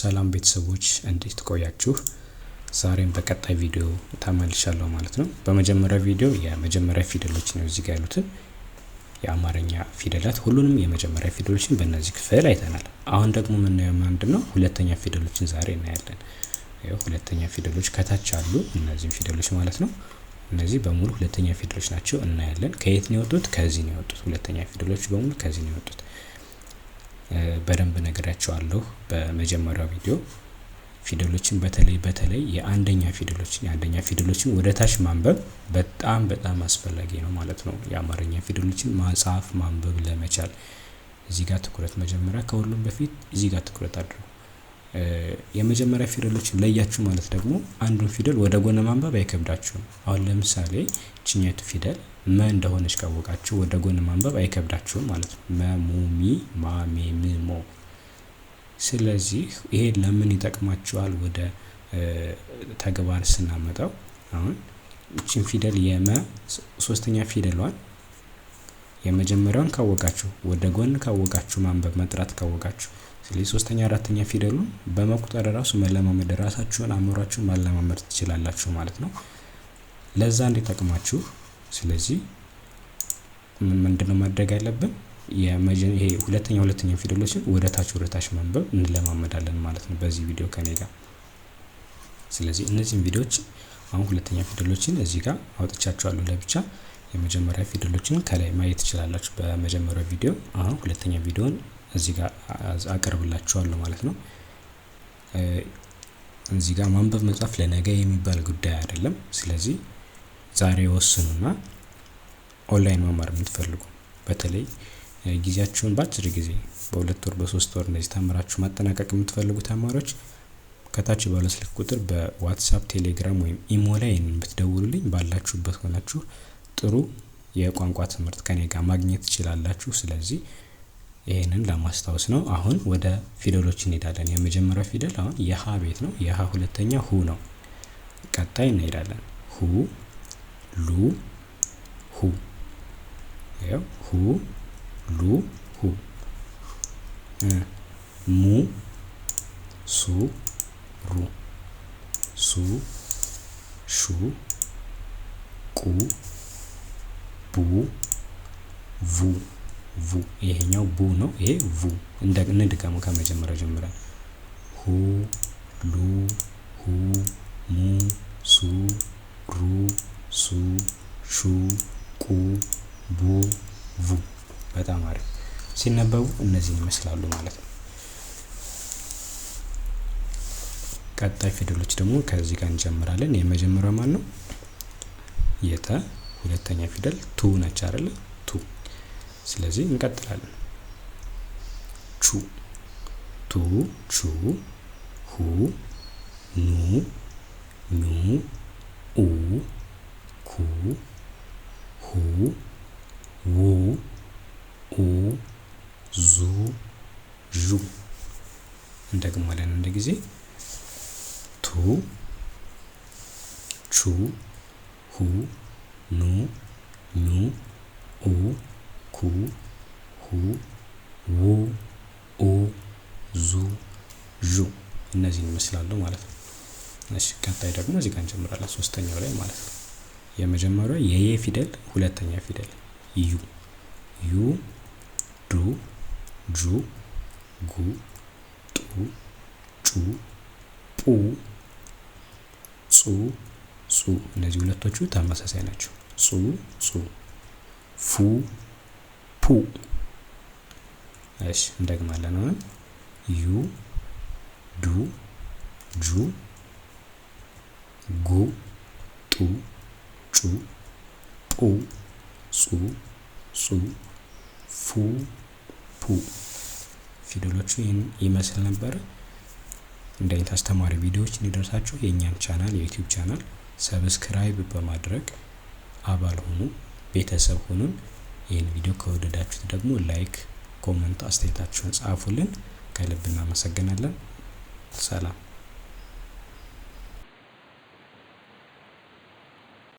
ሰላም ቤተሰቦች እንዴት ቆያችሁ? ዛሬም በቀጣይ ቪዲዮ ተመልሻለሁ ማለት ነው። በመጀመሪያ ቪዲዮ የመጀመሪያ ፊደሎች ነው እዚህ ጋር ያሉትን የአማርኛ ፊደላት ሁሉንም የመጀመሪያ ፊደሎችን በእነዚህ ክፍል አይተናል። አሁን ደግሞ የምናየው ምንድን ነው? ሁለተኛ ፊደሎችን ዛሬ እናያለን። ሁለተኛ ፊደሎች ከታች አሉ፣ እነዚህም ፊደሎች ማለት ነው። እነዚህ በሙሉ ሁለተኛ ፊደሎች ናቸው፣ እናያለን። ከየት ነው የወጡት? ከዚህ ነው የወጡት። ሁለተኛ ፊደሎች በሙሉ ከዚህ ነው የወጡት። በደንብ ነግራችኋለሁ በመጀመሪያው ቪዲዮ። ፊደሎችን በተለይ በተለይ የአንደኛ ፊደሎችን የአንደኛ ፊደሎችን ወደ ታች ማንበብ በጣም በጣም አስፈላጊ ነው ማለት ነው። የአማርኛ ፊደሎችን መጻፍ ማንበብ ለመቻል እዚህ ጋር ትኩረት መጀመሪያ ከሁሉም በፊት እዚህ ጋር ትኩረት አድርጉ። የመጀመሪያ ፊደሎችን ለያችሁ ማለት ደግሞ አንዱን ፊደል ወደ ጎን ማንበብ አይከብዳችሁም። አሁን ለምሳሌ ችኛቱ ፊደል መ እንደሆነች ካወቃችሁ ወደ ጎን ማንበብ አይከብዳችሁም ማለት ነው። መሙሚ ማሜምሞ ስለዚህ ይሄ ለምን ይጠቅማችኋል? ወደ ተግባር ስናመጣው አሁን እችን ፊደል የመ ሶስተኛ ፊደሏን የመጀመሪያውን ካወቃችሁ ወደ ጎን ካወቃችሁ ማንበብ መጥራት ካወቃችሁ ስለዚህ ሶስተኛ አራተኛ ፊደሉን በመቁጠር ራሱ መለማመድ ራሳችሁን አእምሯችሁን ማለማመድ ትችላላችሁ ማለት ነው። ለዛ እንዲጠቅማችሁ ስለዚህ ምንድነው ማድረግ ያለብን? ይሄ ሁለተኛ ሁለተኛ ፊደሎችን ወደ ታች ወደ ታች ማንበብ እንለማመዳለን ማለት ነው በዚህ ቪዲዮ ከኔ ጋር። ስለዚህ እነዚህን ቪዲዮዎች አሁን ሁለተኛ ፊደሎችን እዚህ ጋር አውጥቻቸዋለሁ ለብቻ የመጀመሪያ ፊደሎችን ከላይ ማየት ትችላላችሁ በመጀመሪያው ቪዲዮ። አሁን ሁለተኛ ቪዲዮን እዚህ ጋር አቀርብላችኋለሁ ማለት ነው። እዚህ ጋር ማንበብ መጻፍ ለነገ የሚባል ጉዳይ አይደለም። ስለዚህ ዛሬ ወስኑና ኦንላይን መማር የምትፈልጉ በተለይ ጊዜያችሁን በአጭር ጊዜ በሁለት ወር በሶስት ወር እንደዚህ ተምራችሁ ማጠናቀቅ የምትፈልጉ ተማሪዎች ከታች ባለስልክ ስልክ ቁጥር በዋትሳፕ ቴሌግራም፣ ወይም ኢሞ ላይ ብትደውሉልኝ ባላችሁበት ሆናችሁ ጥሩ የቋንቋ ትምህርት ከኔ ጋር ማግኘት ትችላላችሁ። ስለዚህ ይህንን ለማስታወስ ነው። አሁን ወደ ፊደሎች እንሄዳለን። የመጀመሪያው ፊደል አሁን የሀ ቤት ነው። የሀ ሁለተኛ ሁ ነው። ቀጣይ እንሄዳለን። ሁ ሉ ሁ ሁ ሉ ሁ ሙ ሱ ሩ ሱ ሹ ቁ ቡ ቡ ቡ ይሄኛው ቡ ነው። ይሄ ቡ እንደ ንድከሙ ከመጀመሪያ ጀምረን ሁ ሉ ሁ ሙ ሱ ሩ ሱ ሹ ቁ ቡ ቡ። በጣም አሪፍ ሲነበቡ እነዚህን ይመስላሉ ማለት ነው። ቀጣይ ፊደሎች ደግሞ ከዚህ ጋር እንጀምራለን። የመጀመሪያው ማን ነው? የተ ሁለተኛ ፊደል ቱ ነች አይደል? ቱ። ስለዚህ እንቀጥላለን። ቹ፣ ቱ፣ ቹ፣ ሁ፣ ኑ፣ ኑ፣ ኡ፣ ኩ፣ ሁ፣ ው፣ ኡ፣ ዙ፣ ዡ። እንደግማለን አንድ ጊዜ ቱ፣ ቹ፣ ሁ ኑ ኑ ኡ ኩ ሁ ው ኡ ዙ ዡ እነዚህን ይመስላሉ ማለት ነው። እሺ ቀጣይ ደግሞ እዚህ ጋር እንጀምራለን ሶስተኛው ላይ ማለት ነው። የመጀመሪያው የየ ፊደል ሁለተኛ ፊደል ዩ ዩ ዱ ጁ ጉ ጡ ጩ ጡ ጹ ጹ እነዚህ ሁለቶቹ ተመሳሳይ ናቸው። ጹ ጹ ፉ ፑ። እሺ እንደግማለን። አሁን ዩ ዱ ጁ ጉ ጡ ጩ ጡ ጹ ጹ ፉ ፑ ፊደሎቹ ይህን ይመስል ነበር። እንደ አይነት አስተማሪ ቪዲዮዎች እንዲደርሳችሁ የእኛን ቻናል የዩቲዩብ ቻናል ሰብስክራይብ በማድረግ አባል ሆኑ፣ ቤተሰብ ሆኑን። ይህን ቪዲዮ ከወደዳችሁት ደግሞ ላይክ፣ ኮመንት፣ አስተያየታችሁን ጻፉልን። ከልብ እናመሰግናለን። ሰላም